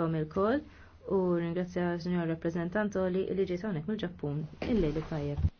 Tom il-kol u ringrazzja s-Sinjor Rappresentanto li ġiet hawnhekk mill-Ġappun il-lejli tajjeb.